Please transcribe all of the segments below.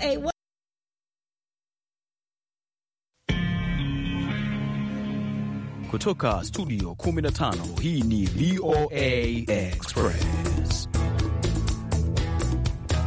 VOA. Kutoka studio 15 hii ni VOA Express.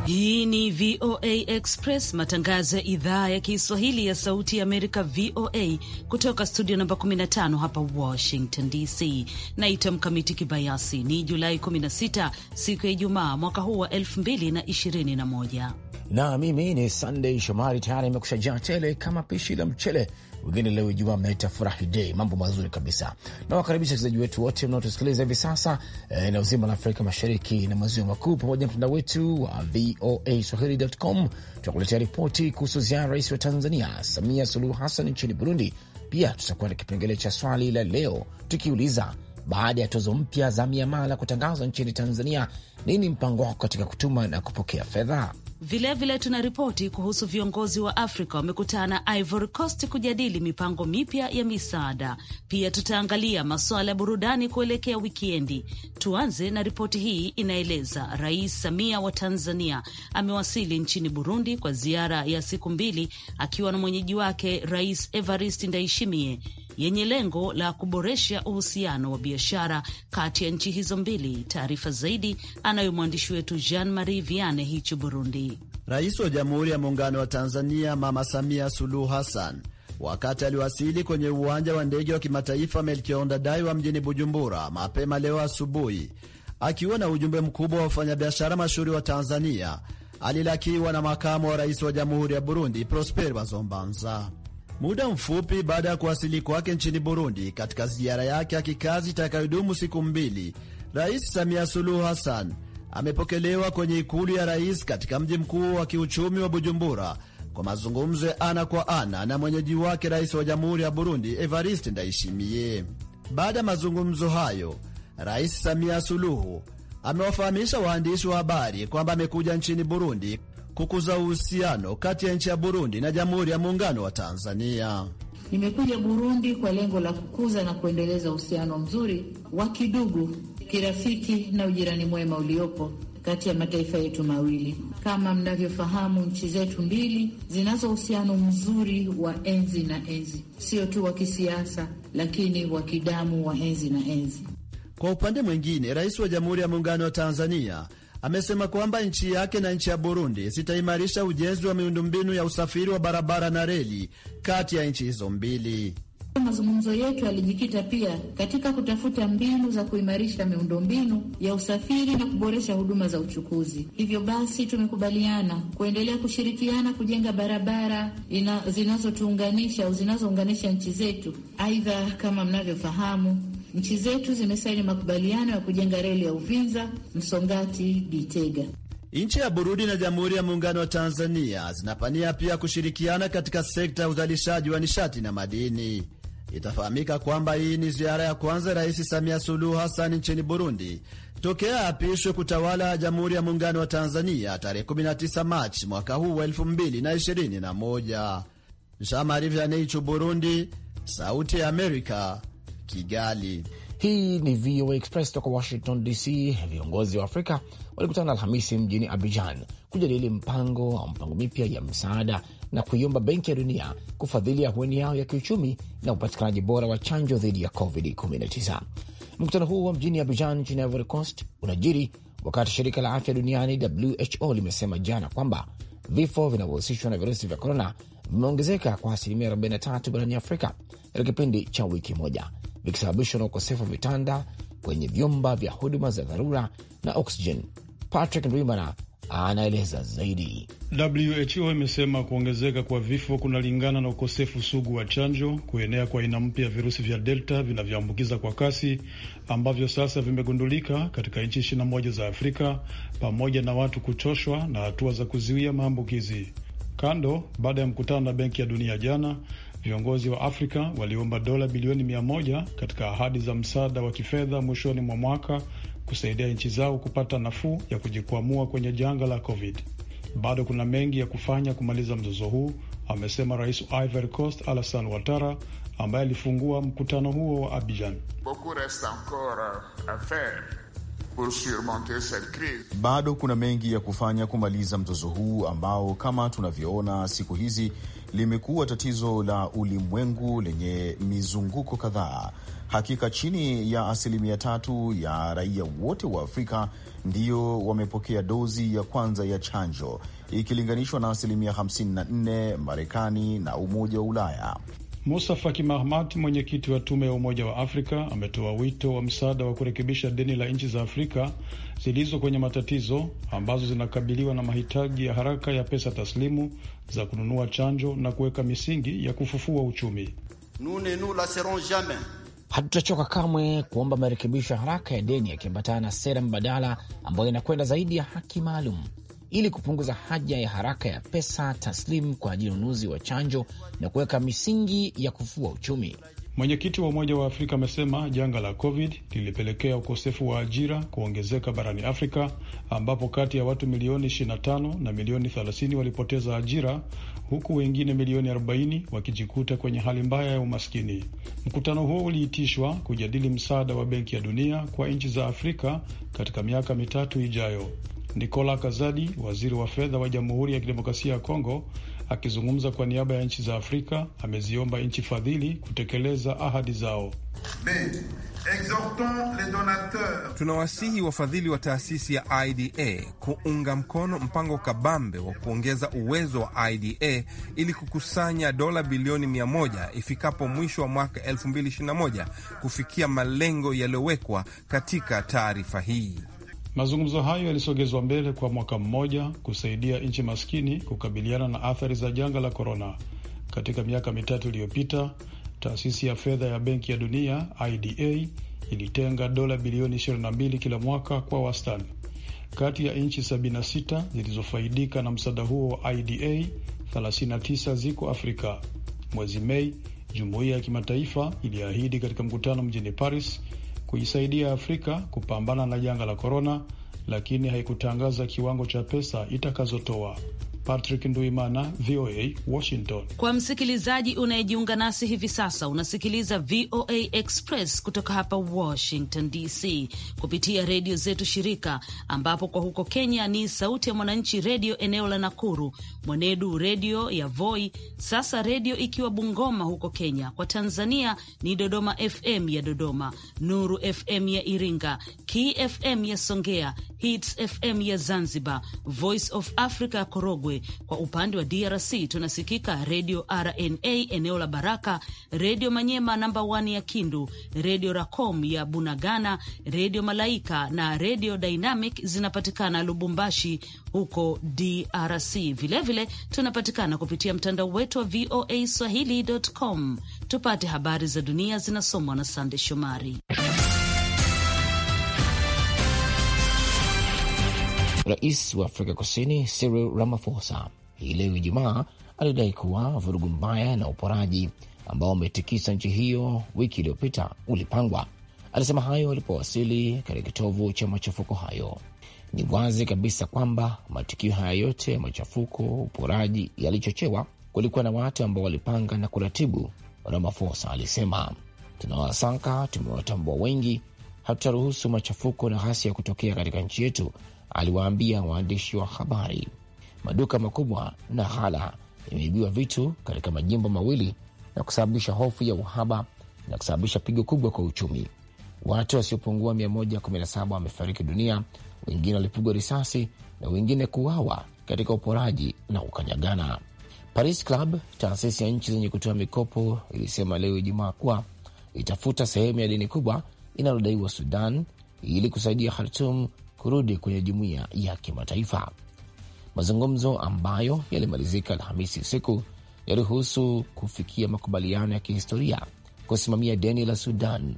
Hii ni VOA Express, matangazo ya idhaa ya Kiswahili ya Sauti ya Amerika, VOA, kutoka studio namba 15 hapa Washington DC. Naitwa Mkamiti Kibayasi. Ni Julai 16 siku ya Ijumaa mwaka huu wa 2021 na mimi ni Sunday Shomari, tayari imekusha jaa tele kama pishi la mchele. Wengine leo Ijumaa mnaita furahi dei, mambo mazuri kabisa. Nawakaribisha wachezaji wetu wote mnaotusikiliza hivi sasa eh, eneo zima la Afrika Mashariki na Maziwa Makuu, pamoja na mtandao wetu wa VOA Swahili.com. Tunakuletea ripoti kuhusu ziara rais wa Tanzania Samia Suluhu Hassan nchini Burundi. Pia tutakuwa na kipengele cha swali la leo tukiuliza baada ya tozo mpya za miamala kutangazwa nchini Tanzania, nini mpango wako katika kutuma na kupokea fedha? Vilevile tuna ripoti kuhusu viongozi wa Afrika wamekutana Ivory Coast kujadili mipango mipya ya misaada. Pia tutaangalia masuala ya burudani kuelekea wikiendi Tuanze na ripoti hii, inaeleza Rais Samia wa Tanzania amewasili nchini Burundi kwa ziara ya siku mbili akiwa na mwenyeji wake Rais evarist ndaishimie yenye lengo la kuboresha uhusiano wa biashara kati ya nchi hizo mbili. Taarifa zaidi anayo mwandishi wetu Jean Marie Viane hichi Burundi. Rais wa Jamhuri ya Muungano wa Tanzania Mama Samia Suluhu Hassan wakati aliwasili kwenye uwanja wa ndege wa kimataifa Melchior Ndadaye mjini Bujumbura mapema leo asubuhi, akiwa na ujumbe mkubwa wa wafanyabiashara mashuhuri wa Tanzania, alilakiwa na makamu wa rais wa Jamhuri ya Burundi Prosper Bazombanza muda mfupi baada ya kuwasili kwake nchini Burundi katika ziara yake ya kikazi itakayodumu siku mbili, Rais Samia Suluhu Hassan amepokelewa kwenye ikulu ya rais katika mji mkuu wa kiuchumi wa Bujumbura kwa mazungumzo ya ana kwa ana na mwenyeji wake rais wa jamhuri ya Burundi Evariste Ndayishimiye. Baada ya mazungumzo hayo, Rais Samia Suluhu amewafahamisha waandishi wa habari kwamba amekuja nchini Burundi kukuza uhusiano kati ya nchi ya Burundi na Jamhuri ya Muungano wa Tanzania. Nimekuja Burundi kwa lengo la kukuza na kuendeleza uhusiano mzuri wa kidugu, kirafiki na ujirani mwema uliopo kati ya mataifa yetu mawili. Kama mnavyofahamu, nchi zetu mbili zinazo uhusiano mzuri wa enzi na enzi, sio tu wa kisiasa, lakini wa kidamu wa enzi na enzi. Kwa upande mwingine, Rais wa Jamhuri ya Muungano wa Tanzania amesema kwamba nchi yake na nchi ya Burundi zitaimarisha ujenzi wa miundombinu ya usafiri wa barabara na reli kati ya nchi hizo mbili. Mazungumzo yetu yalijikita pia katika kutafuta mbinu za kuimarisha miundombinu ya usafiri na kuboresha huduma za uchukuzi. Hivyo basi, tumekubaliana kuendelea kushirikiana kujenga barabara zinazotuunganisha au zinazounganisha nchi zetu. Aidha, kama mnavyofahamu Nchi zetu zimesaini makubaliano ya kujenga reli ya Uvinza, Msongati, Gitega. Nchi ya Burundi na Jamhuri ya Muungano wa Tanzania zinapania pia kushirikiana katika sekta ya uzalishaji wa nishati na madini. Itafahamika kwamba hii ni ziara ya kwanza Rais Samia Suluhu Hassan nchini Burundi tokea apishwe kutawala Jamhuri ya Muungano wa Tanzania tarehe 19 Machi mwaka huu wa 2021. Jean Burundi, Sauti ya Amerika, Kigali. Hii ni VOA Express toka Washington DC. Viongozi wa Afrika walikutana Alhamisi mjini Abidjan kujadili mpango wa mpango mipya ya msaada na kuiomba Benki ya Dunia kufadhili ahueni yao ya kiuchumi na upatikanaji bora wa chanjo dhidi ya COVID-19. Mkutano wa mjini Abidjan nchini Ivory Coast unajiri wakati shirika la afya duniani WHO limesema jana kwamba vifo vinavyohusishwa na virusi vya korona vimeongezeka kwa asilimia 43 barani Afrika katika kipindi cha wiki moja vikisababishwa na ukosefu wa vitanda kwenye vyumba vya huduma za dharura na oksijen. Patrick Ndwimana anaeleza zaidi. WHO imesema kuongezeka kwa vifo kunalingana na ukosefu sugu wa chanjo, kuenea kwa aina mpya ya virusi vya delta vinavyoambukiza kwa kasi ambavyo sasa vimegundulika katika nchi 21 za Afrika, pamoja na watu kuchoshwa na hatua za kuzuia maambukizi. Kando, baada ya mkutano na Benki ya Dunia jana, Viongozi wa Afrika waliomba dola bilioni mia moja katika ahadi za msaada wa kifedha mwishoni mwa mwaka kusaidia nchi zao kupata nafuu ya kujikwamua kwenye janga la COVID. Bado kuna mengi ya kufanya kumaliza mzozo huu, amesema rais wa Ivory Coast Alassane Ouattara ambaye alifungua mkutano huo wa Abidjan. Bado kuna mengi ya kufanya kumaliza mzozo huu ambao kama tunavyoona siku hizi limekuwa tatizo la ulimwengu lenye mizunguko kadhaa. Hakika chini ya asilimia tatu ya raia wote wa Afrika ndiyo wamepokea dozi ya kwanza ya chanjo ikilinganishwa na asilimia 54 Marekani na Umoja wa Ulaya. Musa Faki Mahamat, mwenyekiti wa Tume ya Umoja wa Afrika, ametoa wito wa msaada wa kurekebisha deni la nchi za Afrika zilizo kwenye matatizo ambazo zinakabiliwa na mahitaji ya haraka ya pesa taslimu za kununua chanjo na kuweka misingi ya kufufua uchumi. Hatutachoka kamwe kuomba marekebisho ya haraka ya deni yakiambatana na sera mbadala ambayo inakwenda zaidi ya haki maalum ili kupunguza haja ya haraka ya pesa taslimu kwa ajili ya ununuzi wa chanjo na kuweka misingi ya kufufua uchumi. Mwenyekiti wa Umoja wa Afrika amesema janga la COVID lilipelekea ukosefu wa ajira kuongezeka barani Afrika, ambapo kati ya watu milioni 25 na milioni 30 walipoteza ajira, huku wengine milioni 40 wakijikuta kwenye hali mbaya ya umaskini. Mkutano huo uliitishwa kujadili msaada wa Benki ya Dunia kwa nchi za Afrika katika miaka mitatu ijayo. Nicola Kazadi, waziri wa fedha wa Jamhuri ya Kidemokrasia ya Kongo, Akizungumza kwa niaba ya nchi za Afrika, ameziomba nchi fadhili kutekeleza ahadi zao. Tunawasihi wafadhili wa taasisi ya IDA kuunga mkono mpango kabambe wa kuongeza uwezo wa IDA ili kukusanya dola bilioni 100 ifikapo mwisho wa mwaka 2021 kufikia malengo yaliyowekwa katika taarifa hii. Mazungumzo hayo yalisogezwa mbele kwa mwaka mmoja kusaidia nchi maskini kukabiliana na athari za janga la korona. Katika miaka mitatu iliyopita, taasisi ya fedha ya Benki ya Dunia IDA ilitenga dola bilioni 22 kila mwaka kwa wastani. Kati ya nchi 76 zilizofaidika na msaada huo wa IDA, 39 ziko Afrika. Mwezi Mei, jumuiya ya kimataifa iliahidi katika mkutano mjini Paris kuisaidia Afrika kupambana na janga la korona, lakini haikutangaza kiwango cha pesa itakazotoa. Patrick Nduimana, VOA Washington. Kwa msikilizaji unayejiunga nasi hivi sasa, unasikiliza VOA Express kutoka hapa Washington DC kupitia redio zetu shirika, ambapo kwa huko Kenya ni Sauti ya Mwananchi redio eneo la Nakuru, Mwenedu redio ya Voi, sasa redio ikiwa Bungoma huko Kenya. Kwa Tanzania ni Dodoma FM ya Dodoma, Nuru FM ya Iringa, kfm ya Songea, Hits FM ya Zanzibar, Voice of Africa Korogwe Korogwe. Kwa upande wa DRC tunasikika redio RNA eneo la Baraka, redio Manyema namba 1 ya Kindu, redio Racom ya Bunagana, redio Malaika na redio Dynamic zinapatikana Lubumbashi huko DRC. Vilevile vile, tunapatikana kupitia mtandao wetu wa VOA swahili.com. Tupate habari za dunia zinasomwa na Sande Shomari. Rais wa Afrika Kusini Cyril Ramaphosa hii leo Ijumaa alidai kuwa vurugu mbaya na uporaji ambao umetikisa nchi hiyo wiki iliyopita ulipangwa. Alisema hayo alipowasili katika kitovu cha machafuko hayo. Ni wazi kabisa kwamba matukio haya yote ya machafuko, uporaji yalichochewa. Kulikuwa na watu ambao walipanga na kuratibu, Ramaphosa alisema. Tunawasaka, tumewatambua wengi, hatutaruhusu machafuko na ghasia ya kutokea katika nchi yetu aliwaambia waandishi wa habari. Maduka makubwa na ghala yameibiwa vitu katika majimbo mawili na kusababisha hofu ya uhaba na kusababisha pigo kubwa kwa uchumi. Watu wasiopungua 117 wamefariki dunia, wengine walipigwa risasi na wengine kuuawa katika uporaji na ukanyagana. Paris Club, taasisi ya nchi zenye kutoa mikopo, ilisema leo Ijumaa kuwa itafuta sehemu ya deni kubwa inalodaiwa Sudan ili kusaidia Khartum kurudi kwenye jumuiya ya kimataifa. Mazungumzo ambayo yalimalizika Alhamisi usiku yalihusu kufikia makubaliano ya kihistoria kusimamia deni la Sudan.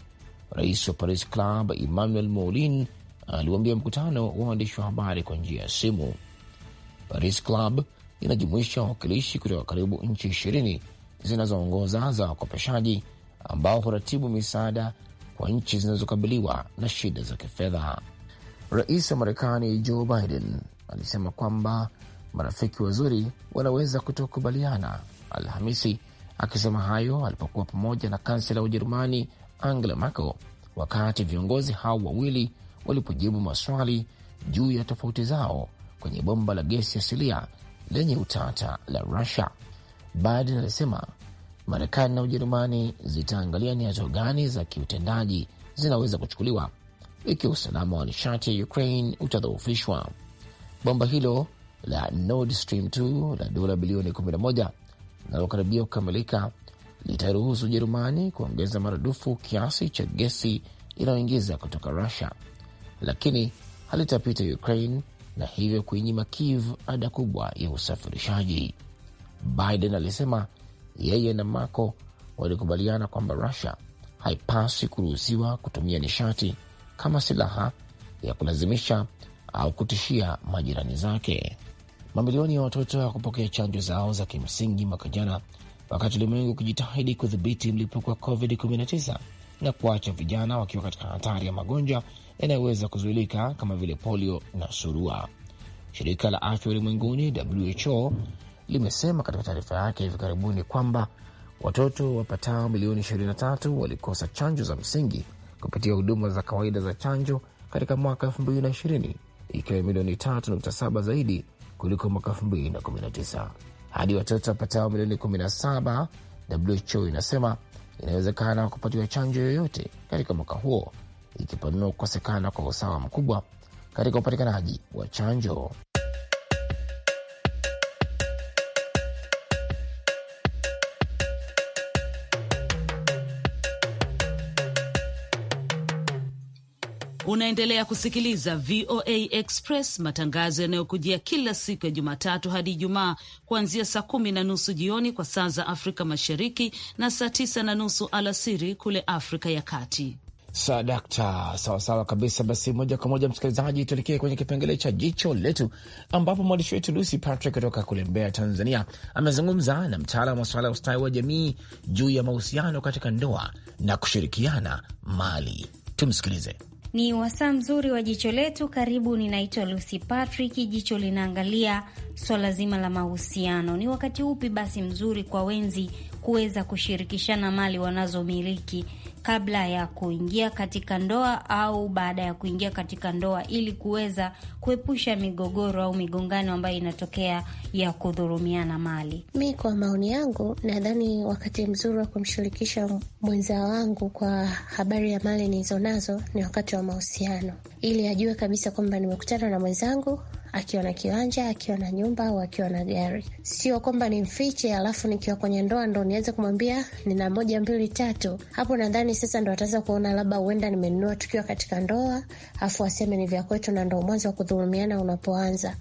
Rais wa Paris Club Emmanuel Moulin aliwambia mkutano wa waandishi wa habari kwa njia ya simu. Paris Club inajumuisha wawakilishi kutoka karibu nchi ishirini zinazoongoza za wakopeshaji ambao huratibu misaada kwa nchi zinazokabiliwa na shida za kifedha. Rais wa Marekani Joe Biden alisema kwamba marafiki wazuri wanaweza kutokubaliana Alhamisi, akisema hayo alipokuwa pamoja na kansela wa Ujerumani Angela Merkel wakati viongozi hao wawili walipojibu maswali juu ya tofauti zao kwenye bomba la gesi asilia lenye utata la Rusia. Biden alisema Marekani na Ujerumani zitaangalia ni hatua gani za kiutendaji zinaweza kuchukuliwa ikiwa usalama wa nishati ya Ukraine utadhoofishwa. Bomba hilo la Nord Stream 2 la dola bilioni 11 linalokaribia kukamilika litaruhusu Ujerumani kuongeza maradufu kiasi cha gesi inayoingiza kutoka Rusia, lakini halitapita Ukraine na hivyo kuinyima Kiev ada kubwa ya usafirishaji. Biden alisema yeye na Mako walikubaliana kwamba Rusia haipaswi kuruhusiwa kutumia nishati kama silaha ya kulazimisha au kutishia majirani zake. Mamilioni ya watoto hawakupokea chanjo zao za kimsingi mwaka jana, wakati ulimwengu ukijitahidi kudhibiti mlipuko wa COVID-19 na kuacha vijana wakiwa katika hatari ya magonjwa yanayoweza kuzuilika kama vile polio na surua. Shirika la afya ulimwenguni WHO limesema katika taarifa yake hivi karibuni kwamba watoto wapatao milioni 23 walikosa chanjo za msingi kupitia huduma za kawaida za chanjo katika mwaka 220 ikiwa milioni 3.7 zaidi kuliko mwaka 219 Hadi watoto wapatao milioni 17, WHO inasema inawezekana kupatiwa chanjo yoyote katika mwaka huo, ikipanua kukosekana kwa usawa mkubwa katika upatikanaji wa chanjo. Unaendelea kusikiliza VOA Express, matangazo yanayokujia kila siku ya Jumatatu hadi Ijumaa kuanzia saa kumi na nusu jioni kwa saa za Afrika Mashariki na saa tisa na nusu alasiri kule Afrika ya Kati. Sadakta, sawasawa kabisa. Basi moja kwa moja, msikilizaji, tuelekee kwenye kipengele cha jicho letu, ambapo mwandishi wetu Lucy Patrick kutoka kule Mbeya, Tanzania, amezungumza na mtaalam wa masuala ya ustawi wa jamii juu ya mahusiano katika ndoa na kushirikiana mali. Tumsikilize. Ni wasaa mzuri wa jicho letu. Karibu, ninaitwa Lucy Patrick. Jicho linaangalia swala zima la mahusiano, ni wakati upi basi mzuri kwa wenzi kuweza kushirikishana mali wanazomiliki kabla ya kuingia katika ndoa au baada ya kuingia katika ndoa ili kuweza kuepusha migogoro au migongano ambayo inatokea ya kudhurumiana mali. Mi kwa maoni yangu, nadhani wakati mzuri wa kumshirikisha mwenza wangu kwa habari ya mali nilizonazo ni wakati wa mahusiano, ili ajue kabisa kwamba nimekutana na mwenzangu akiwa na kiwanja, akiwa na nyumba au akiwa na gari. Sio kwamba ni mfiche, alafu nikiwa kwenye ndoa ndo niweze kumwambia nina moja mbili tatu. Hapo nadhani sasa ndo ataweza kuona labda huenda nimenunua tukiwa katika ndoa, afu aseme ni vya kwetu, na ndo mwanzo wa kudhulumiana unapoanza.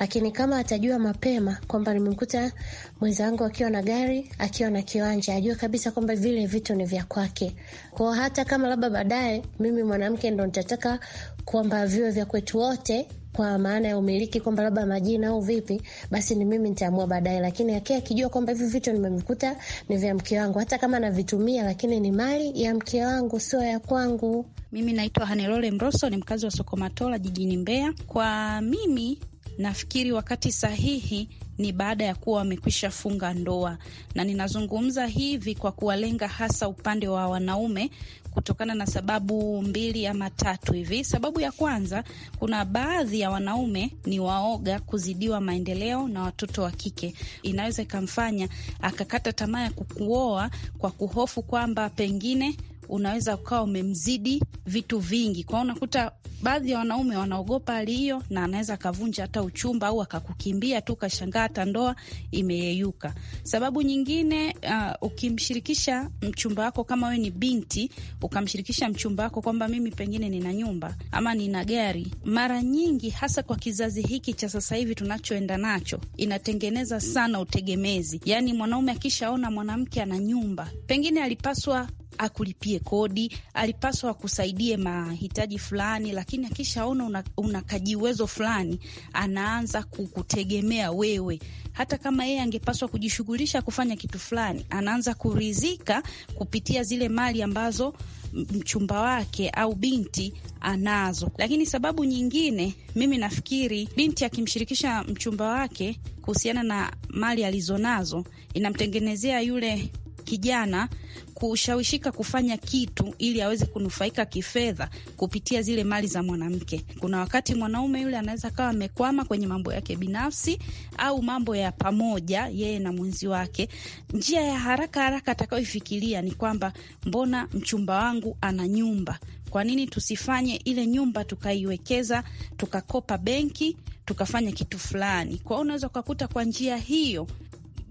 Lakini kama atajua mapema kwamba nimemkuta mwenzangu akiwa na gari, akiwa na kiwanja, ajue kabisa kwamba vile vitu ni vya kwake, kwao hata kama labda baadaye mimi mwanamke ndo nitataka kwamba viwe vya kwetu wote kwa maana ya umiliki kwamba labda majina au vipi, basi ni mimi nitaamua baadaye, lakini akia akijua kwamba hivi vitu nimevikuta ni vya mke wangu, hata kama navitumia, lakini ni mali ya mke wangu, sio ya kwangu. Mimi naitwa Hanelole Mroso, ni mkazi wa Sokomatola jijini Mbeya. Kwa mimi nafikiri wakati sahihi ni baada ya kuwa wamekwisha funga ndoa, na ninazungumza hivi kwa kuwalenga hasa upande wa wanaume kutokana na sababu mbili ama tatu hivi. Sababu ya kwanza, kuna baadhi ya wanaume ni waoga kuzidiwa maendeleo na watoto wa kike. Inaweza ikamfanya akakata tamaa ya kukuoa kwa kuhofu kwamba pengine unaweza ukawa umemzidi vitu vingi. Kwao unakuta baadhi ya wanaume wanaogopa hali hiyo, na anaweza akavunja hata uchumba au akakukimbia tu, kashangaa hata ndoa imeyeyuka. Sababu nyingine uh, ukimshirikisha mchumba wako, kama we ni binti, ukamshirikisha mchumba wako kwamba mimi pengine nina nyumba ama nina gari, mara nyingi hasa kwa kizazi hiki cha sasa hivi tunachoenda nacho, inatengeneza sana utegemezi. Yani mwanaume akishaona mwanamke ana nyumba, pengine alipaswa akulipie kodi, alipaswa akusaidie mahitaji fulani, lakini akishaona una, una kajiuwezo fulani, anaanza kukutegemea wewe. Hata kama yeye angepaswa kujishughulisha kufanya kitu fulani, anaanza kurizika kupitia zile mali ambazo mchumba wake au binti anazo. Lakini sababu nyingine, mimi nafikiri binti akimshirikisha mchumba wake kuhusiana na mali alizonazo, inamtengenezea yule kijana kushawishika kufanya kitu ili aweze kunufaika kifedha kupitia zile mali za mwanamke. Kuna wakati mwanaume yule anaweza kawa amekwama kwenye mambo yake binafsi au mambo ya pamoja, yeye na mwenzi wake. Njia ya haraka haraka atakayoifikiria ni kwamba mbona mchumba wangu ana nyumba, kwa nini tusifanye ile nyumba tukaiwekeza, tukakopa benki tukafanya kitu fulani. Kwa hiyo unaweza ukakuta kwa njia hiyo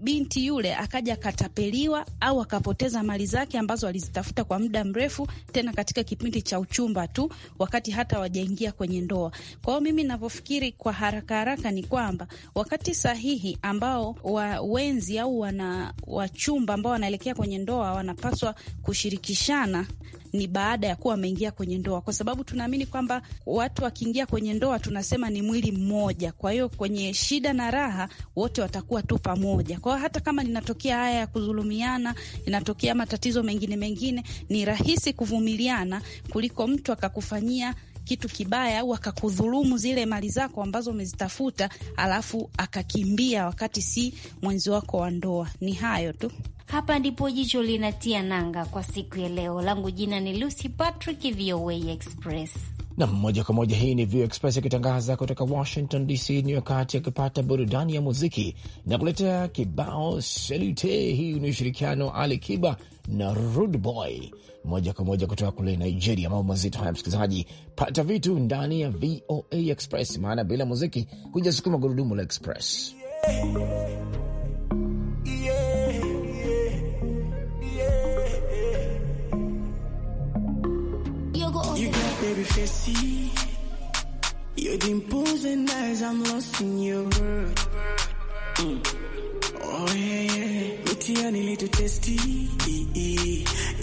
binti yule akaja akatapeliwa au akapoteza mali zake ambazo alizitafuta kwa muda mrefu, tena katika kipindi cha uchumba tu, wakati hata wajaingia kwenye ndoa. Kwa hiyo mimi navyofikiri kwa haraka haraka ni kwamba wakati sahihi ambao wawenzi au wana wachumba ambao wanaelekea kwenye ndoa wanapaswa kushirikishana ni baada ya kuwa wameingia kwenye ndoa, kwa sababu tunaamini kwamba watu wakiingia kwenye ndoa tunasema ni mwili mmoja. Kwa hiyo kwenye shida na raha wote watakuwa tu pamoja. Kwa hiyo hata kama ninatokea haya ya kudhulumiana, inatokea matatizo mengine mengine, ni rahisi kuvumiliana kuliko mtu akakufanyia kitu kibaya au akakudhulumu zile mali zako ambazo umezitafuta, alafu akakimbia wakati si mwenzi wako wa ndoa. Ni hayo tu. Hapa ndipo jicho linatia nanga kwa siku ya leo. Langu jina ni Lucy Patrick, VOA Express nam moja kwa moja. Hii ni VOA Express ikitangaza kutoka Washington DC. Ni wakati akipata burudani ya muziki na kuletea kibao Salute. Hii ni ushirikiano Ali Kiba na Rude Boy, moja kwa moja kutoka kule Nigeria. Mambo mazito haya, msikilizaji, pata vitu ndani ya VOA Express, maana bila muziki hujasukuma gurudumu la Express yeah. prophecy. You're the imposing eyes, I'm lost in your world. Mm. Oh yeah, yeah. Mitiani little testy.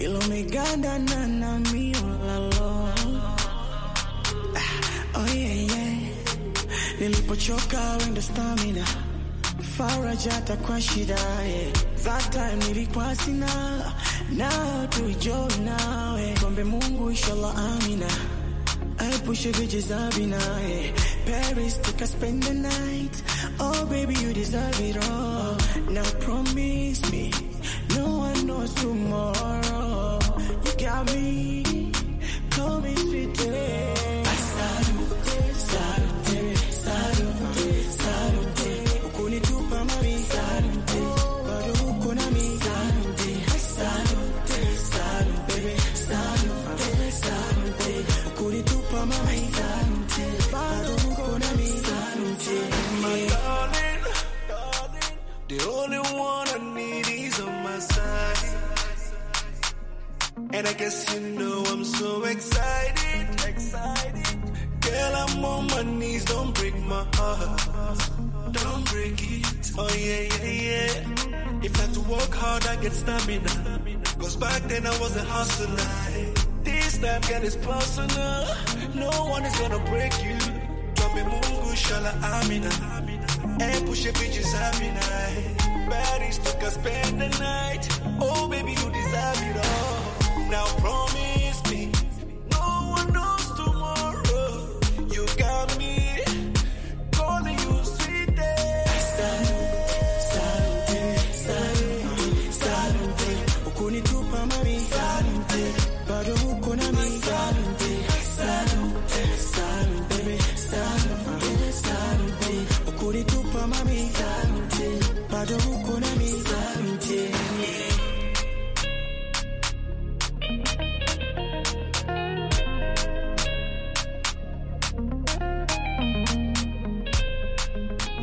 Ilomeganda na na mi all alone. Ah, oh yeah, yeah. Nilipochoka wenda stamina. Faraja atakuwa shida, yeah. That time nilikuwa sina. Now to join nawe. Kombe Mungu inshallah amina. push you, you deserve it now. Hey. Paris, take a spend the night. Oh, baby, you deserve it all. Now promise me, no one knows tomorrow. You got me, promise me today. And I guess you know I'm so excited, excited. Girl, I'm on my knees, don't break my heart. Don't break it, oh yeah, yeah, yeah. If I had to work hard, I get stamina. Cause back then I was a hustler. This time, girl, it's personal. No one is gonna break you. Tobi Mungu, Shala Amina. And push your bitches, Amina. Paris took us spend the night. Oh, baby, you deserve it all now, wrong.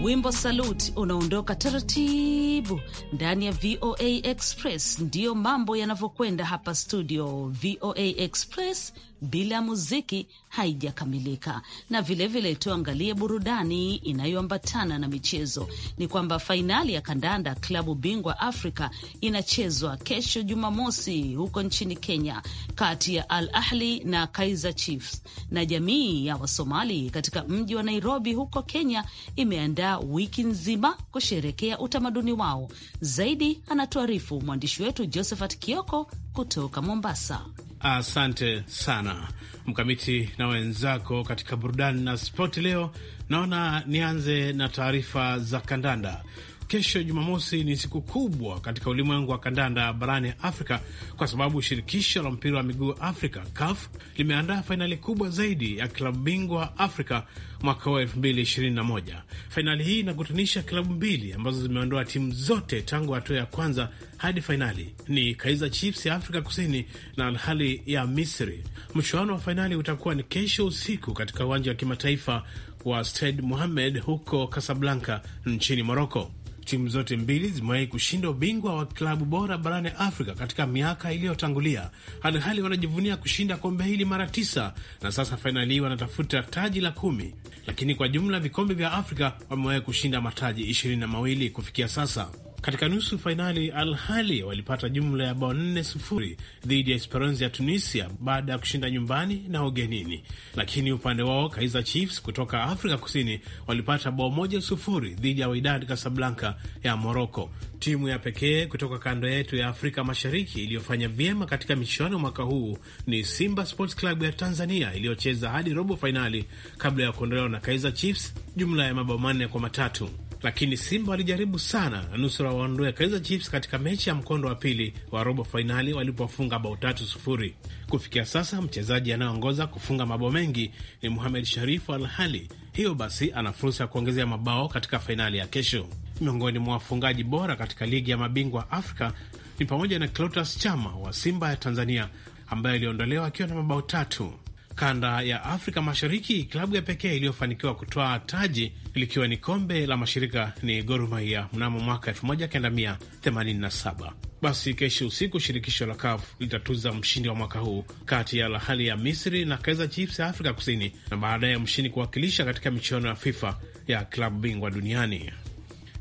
Wimbo salut unaondoka taratibu ndani ya VOA Express. Ndiyo mambo yanavyokwenda hapa studio VOA Express bila muziki haijakamilika. Na vilevile tuangalie burudani inayoambatana na michezo. Ni kwamba fainali ya kandanda klabu bingwa Afrika inachezwa kesho Jumamosi huko nchini Kenya, kati ya Al Ahli na Kaizer Chiefs, na jamii ya Wasomali katika mji wa Nairobi huko Kenya imeandaa wiki nzima kusherekea utamaduni wao. Zaidi anatuarifu mwandishi wetu Josephat Kioko kutoka Mombasa. Asante sana Mkamiti na wenzako katika burudani na spoti. Leo naona nianze na taarifa za kandanda. Kesho Jumamosi ni siku kubwa katika ulimwengu wa kandanda barani Afrika kwa sababu shirikisho la mpira wa miguu Afrika CAF limeandaa fainali kubwa zaidi ya klabu bingwa Afrika mwaka wa 2021. Fainali hii inakutanisha klabu mbili ambazo zimeondoa timu zote tangu hatua ya kwanza hadi fainali ni Kaizer Chiefs ya Afrika Kusini na Al Ahly ya Misri. Mchuano wa fainali utakuwa ni kesho usiku katika uwanja wa kimataifa wa Stade Mohamed huko Casablanca nchini Moroko timu zote mbili zimewahi kushinda ubingwa wa klabu bora barani Afrika katika miaka iliyotangulia. Hali hali wanajivunia kushinda kombe hili mara tisa, na sasa fainali hii wanatafuta taji la kumi, lakini kwa jumla vikombe vya Afrika wamewahi kushinda mataji ishirini na mawili kufikia sasa katika nusu fainali Al Ahly walipata jumla ya bao nne sufuri dhidi ya Esperance ya Tunisia baada ya kushinda nyumbani na ugenini, lakini upande wao Kaizer Chiefs kutoka Afrika Kusini walipata bao moja sufuri dhidi ya Wydad Casablanca ya Moroko. timu ya pekee kutoka kando yetu ya Afrika Mashariki iliyofanya vyema katika michuano mwaka huu ni Simba Sports Club ya Tanzania iliyocheza hadi robo fainali kabla ya kuondolewa na Kaizer Chiefs jumla ya mabao manne kwa matatu lakini Simba walijaribu sana na nusura waondoe Kaizer Chiefs katika mechi ya mkondo wa pili wa robo fainali walipofunga bao tatu sufuri. Kufikia sasa mchezaji anayeongoza kufunga mabao mengi ni Muhamed Sharifu Al Hali, hiyo basi ana fursa ya kuongezea mabao katika fainali ya kesho. Miongoni mwa wafungaji bora katika ligi ya mabingwa Afrika ni pamoja na clotus Chama wa Simba ya Tanzania ambaye aliondolewa akiwa na mabao tatu kanda ya Afrika Mashariki, klabu ya pekee iliyofanikiwa kutoa taji likiwa ni kombe la mashirika ni Gor Mahia mnamo mwaka 1987. Basi kesho usiku shirikisho la CAF litatuza mshindi wa mwaka huu kati ya Al Ahly ya Misri na Kaizer Chiefs ya Afrika Kusini, na baadaye mshindi kuwakilisha katika michuano ya FIFA ya klabu bingwa duniani.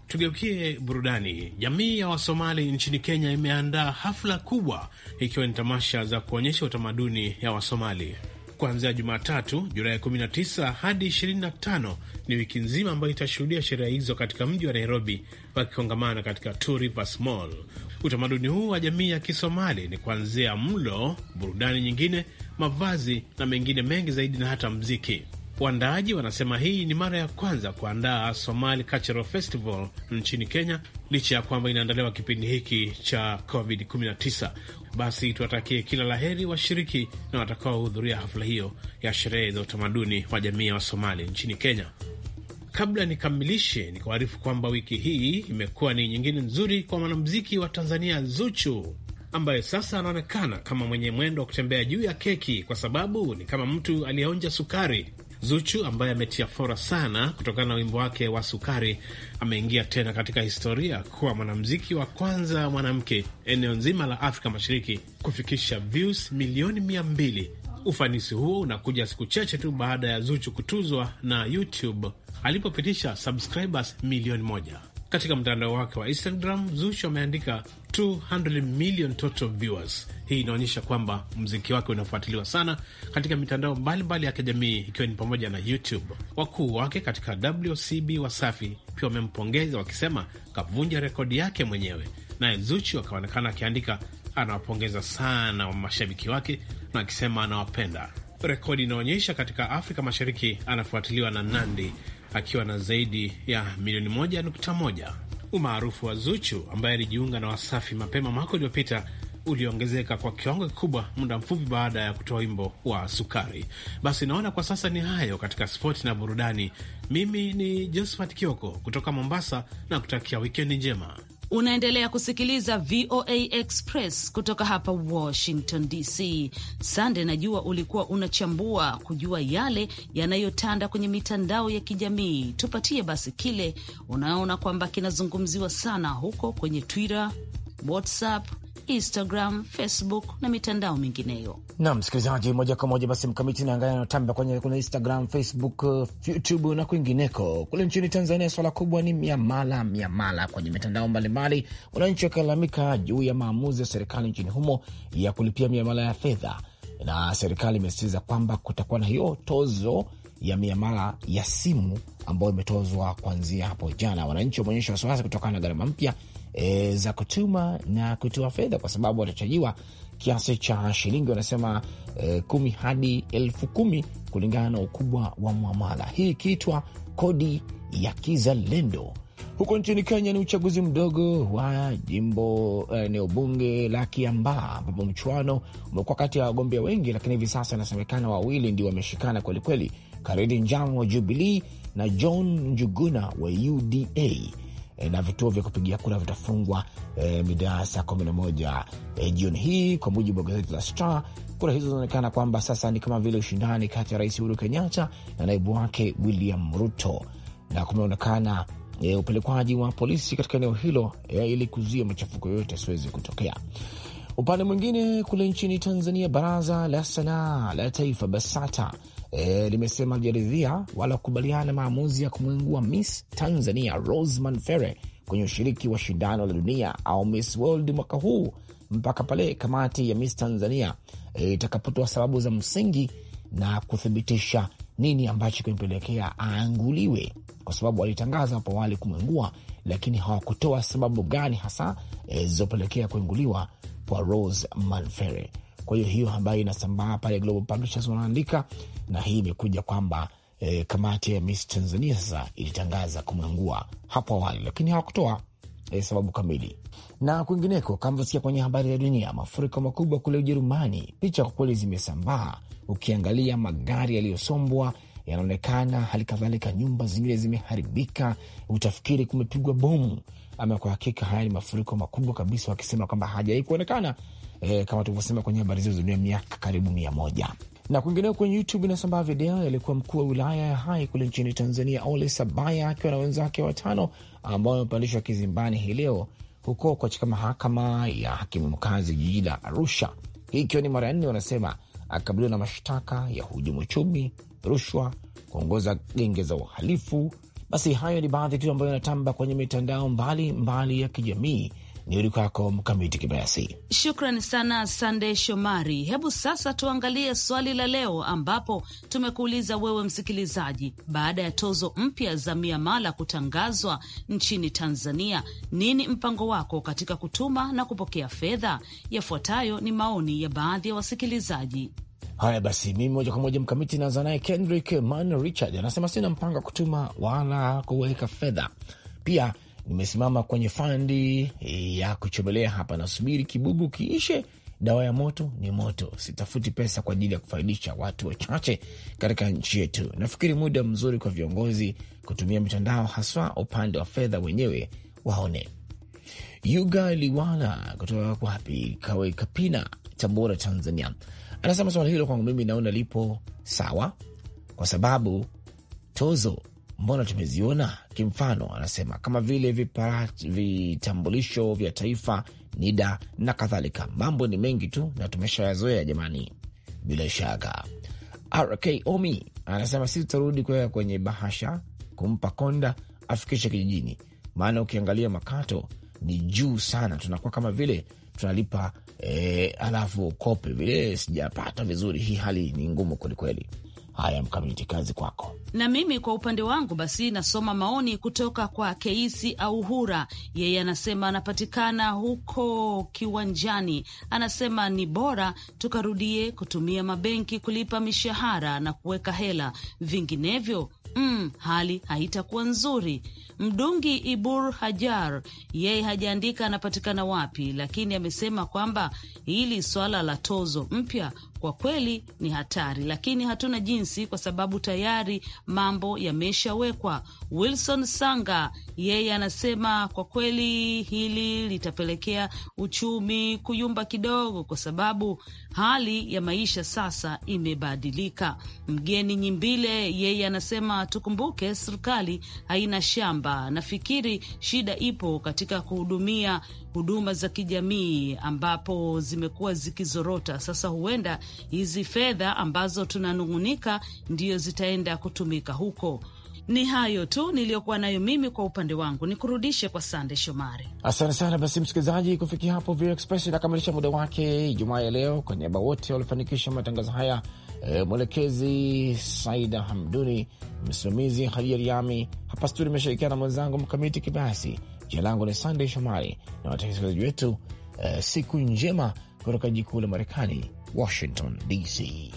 Tugeukie burudani. Jamii ya Wasomali nchini Kenya imeandaa hafla kubwa, ikiwa ni tamasha za kuonyesha utamaduni ya Wasomali kuanzia Jumatatu Julai 19 hadi 25 ni wiki nzima ambayo itashuhudia sherehe hizo katika mji wa Nairobi, wakikongamana katika Two Rivers Mall. Utamaduni huu wa jamii ya Kisomali ni kuanzia mlo, burudani nyingine, mavazi na mengine mengi zaidi, na hata mziki. Waandaaji wanasema hii ni mara ya kwanza kuandaa Somali Cultural Festival nchini Kenya, licha ya kwamba inaandaliwa kipindi hiki cha COVID-19. Basi tuwatakie kila laheri washiriki na watakaohudhuria hafla hiyo ya sherehe za utamaduni wa jamii ya Wasomali nchini Kenya. Kabla nikamilishe, ni kuarifu kwamba wiki hii imekuwa ni nyingine nzuri kwa mwanamuziki wa Tanzania Zuchu ambaye sasa anaonekana kama mwenye mwendo wa kutembea juu ya keki, kwa sababu ni kama mtu aliyeonja sukari. Zuchu ambaye ametia fora sana kutokana na wimbo wake wa Sukari ameingia tena katika historia kuwa mwanamuziki wa kwanza mwanamke eneo nzima la Afrika Mashariki kufikisha views milioni mia mbili. Ufanisi huo unakuja siku chache tu baada ya Zuchu kutuzwa na YouTube alipopitisha subscribers milioni moja. Katika mtandao wake wa Instagram Zuchu ameandika 200 million total viewers. Hii inaonyesha kwamba mziki wake unafuatiliwa sana katika mitandao mbalimbali ya kijamii ikiwa ni pamoja na YouTube. Wakuu wake katika WCB Wasafi pia wamempongeza wakisema kavunja rekodi yake mwenyewe, naye Zuchu akaonekana akiandika anawapongeza sana mashabiki wake na akisema anawapenda. Rekodi inaonyesha katika Afrika Mashariki anafuatiliwa na Nandi akiwa na zaidi ya milioni moja nukta moja umaarufu wa Zuchu ambaye alijiunga na Wasafi mapema mwaka uliopita ulioongezeka kwa kiwango kikubwa muda mfupi baada ya kutoa wimbo wa Sukari. Basi naona kwa sasa ni hayo katika spoti na burudani. Mimi ni Josephat Kioko kutoka Mombasa na kutakia wikendi njema. Unaendelea kusikiliza VOA Express kutoka hapa Washington DC. Sande, najua ulikuwa unachambua kujua yale yanayotanda kwenye mitandao ya kijamii. Tupatie basi kile unaona kwamba kinazungumziwa sana huko kwenye Twitter, WhatsApp Instagram, Facebook na mitandao mingineyo. Na msikilizaji, moja kwa moja basi mkamiti naangalia anatamba kwenye kuna Instagram, Facebook, uh, YouTube na kwingineko. Kule nchini Tanzania swala kubwa ni miamala, miamala kwenye mitandao mbalimbali, wananchi wakilalamika juu ya maamuzi ya serikali nchini humo ya kulipia miamala ya fedha, na serikali imesisitiza kwamba kutakuwa na hiyo tozo ya miamala ya simu ambayo imetozwa kuanzia hapo jana. Wananchi wameonyesha wasiwasi kutokana na gharama mpya e, za kutuma na kutoa fedha, kwa sababu watachajiwa kiasi cha shilingi wanasema e, kumi hadi elfu kumi kulingana na ukubwa wa mwamala, hii ikiitwa kodi ya kizalendo. Huko nchini Kenya ni uchaguzi mdogo wa jimbo eneo bunge la Kiambaa ambapo mchuano umekuwa kati ya wagombea wengi, lakini hivi sasa inasemekana wawili ndio wameshikana kwelikweli, Karidi Njama wa Jubilii na John Njuguna wa UDA e, na vituo vya kupigia kura vitafungwa e, midaa saa moja e, jioni hii kwa mujibu wa gazeti la Star. Kura hizo zinaonekana kwamba sasa ni kama vile ushindani kati ya Rais Uhuru Kenyatta na naibu wake William Ruto, na kumeonekana e, upelekwaji wa polisi katika eneo hilo e, ili kuzuia machafuko yoyote asiwezi kutokea. Upande mwingine kule nchini Tanzania, baraza la sanaa la taifa BASATA e, limesema lijaridhia wala kukubaliana na maamuzi ya kumwingua Miss Tanzania Roseman Fere kwenye ushiriki wa shindano la dunia au Miss World mwaka huu mpaka pale kamati ya Miss Tanzania e, itakapotoa e, sababu za msingi na kuthibitisha nini ambacho kimepelekea aanguliwe, kwa sababu walitangaza hapo awali kumwengua, lakini hawakutoa sababu gani hasa e, zilizopelekea e, kuinguliwa kwa Rose Manfere. Kwa hiyo hiyo habari inasambaa pale Global Publishers, wanaandika na hii imekuja kwamba e, kamati ya Miss Tanzania sasa ilitangaza kumwangua hapo awali, lakini hawakutoa e, sababu kamili. Na kwingineko, kama kwenye habari ya dunia, mafuriko makubwa kule Ujerumani, picha kwa kweli zimesambaa. Ukiangalia magari yaliyosombwa yanaonekana, hali kadhalika nyumba zingine zimeharibika, utafikiri kumepigwa bomu. Ama kwa hakika haya ni mafuriko makubwa kabisa, wakisema kwamba hajawahi kuonekana e, kama tulivyosema kwenye habari zio za dunia miaka karibu mia moja. Na kwingineo kwenye YouTube inasambaa video yaliyokuwa mkuu wa wilaya ya Hai kule nchini Tanzania, Ole Sabaya akiwa na wenzake watano ambao wamepandishwa kizimbani hii leo huko katika mahakama ya hakimu mkazi jiji la Arusha, hii ikiwa ni mara ya nne, wanasema akabiliwa na mashtaka ya hujumu uchumi, rushwa, kuongoza genge za uhalifu. Basi hayo ni baadhi tu ambayo yanatamba kwenye mitandao mbalimbali mbali ya kijamii Nirudi kwako Mkamiti Kibayasi. Shukran sana Sandey Shomari. Hebu sasa tuangalie swali la leo, ambapo tumekuuliza wewe msikilizaji, baada ya tozo mpya za miamala kutangazwa nchini Tanzania, nini mpango wako katika kutuma na kupokea fedha? Yafuatayo ni maoni ya baadhi ya wasikilizaji. Haya basi, mimi moja kwa moja Mkamiti naanza naye. Kendrick Man Richard anasema sina mpango wa kutuma wala kuweka fedha. Pia nimesimama kwenye fandi eh, ya kuchomelea hapa, nasubiri kibubu kiishe. Dawa ya moto ni moto, sitafuti pesa kwa ajili ya kufaidisha watu wachache katika nchi yetu. Nafikiri muda mzuri kwa viongozi kutumia mitandao, haswa upande wa fedha, wenyewe waone. Yuga Liwala kutoka wapi kawe Kapina, Tabora, Tanzania, anasema swala hilo kwangu mimi naona lipo sawa, kwa sababu tozo mbona tumeziona? Kimfano, anasema kama vile viparati, vitambulisho vya taifa, NIDA na kadhalika. Mambo ni mengi tu na tumeshayazoea jamani. Bila shaka RK Omi anasema sisi tutarudi kuweka kwenye bahasha, kumpa konda afikishe kijijini, maana ukiangalia makato ni juu sana, tunakuwa kama vile tunalipa e, alafu kope vile sijapata vizuri. Hii hali ni ngumu kwelikweli. Haya, Mkamiti, kazi kwako. Na mimi kwa upande wangu basi nasoma maoni kutoka kwa Keisi Auhura. Yeye anasema anapatikana huko Kiwanjani, anasema ni bora tukarudie kutumia mabenki kulipa mishahara na kuweka hela, vinginevyo Mm, hali haitakuwa nzuri. Mdungi Ibur Hajar yeye hajaandika anapatikana wapi, lakini amesema kwamba hili swala la tozo mpya kwa kweli ni hatari, lakini hatuna jinsi, kwa sababu tayari mambo yameshawekwa. Wilson Sanga yeye anasema kwa kweli hili litapelekea uchumi kuyumba kidogo, kwa sababu hali ya maisha sasa imebadilika. Mgeni Nyimbile yeye anasema tukumbuke, serikali haina shamba. Nafikiri shida ipo katika kuhudumia huduma za kijamii ambapo zimekuwa zikizorota. Sasa huenda hizi fedha ambazo tunanung'unika ndio zitaenda kutumika huko. Ni hayo tu niliyokuwa nayo mimi kwa upande wangu, nikurudishe kwa Sande Shomari. Asante sana. Basi msikilizaji, kufikia hapo VOA Express inakamilisha muda wake Ijumaa ya leo. Kwa niaba wote waliofanikisha matangazo haya, e, mwelekezi Saida Hamduni, msimamizi Hadija Riami, hapa studio imeshirikiana na mwenzangu Mkamiti Kibayasi. Jina langu ni Sandey Shomari na watangazaji wetu, e, siku njema kutoka jikuu la Marekani, Washington DC.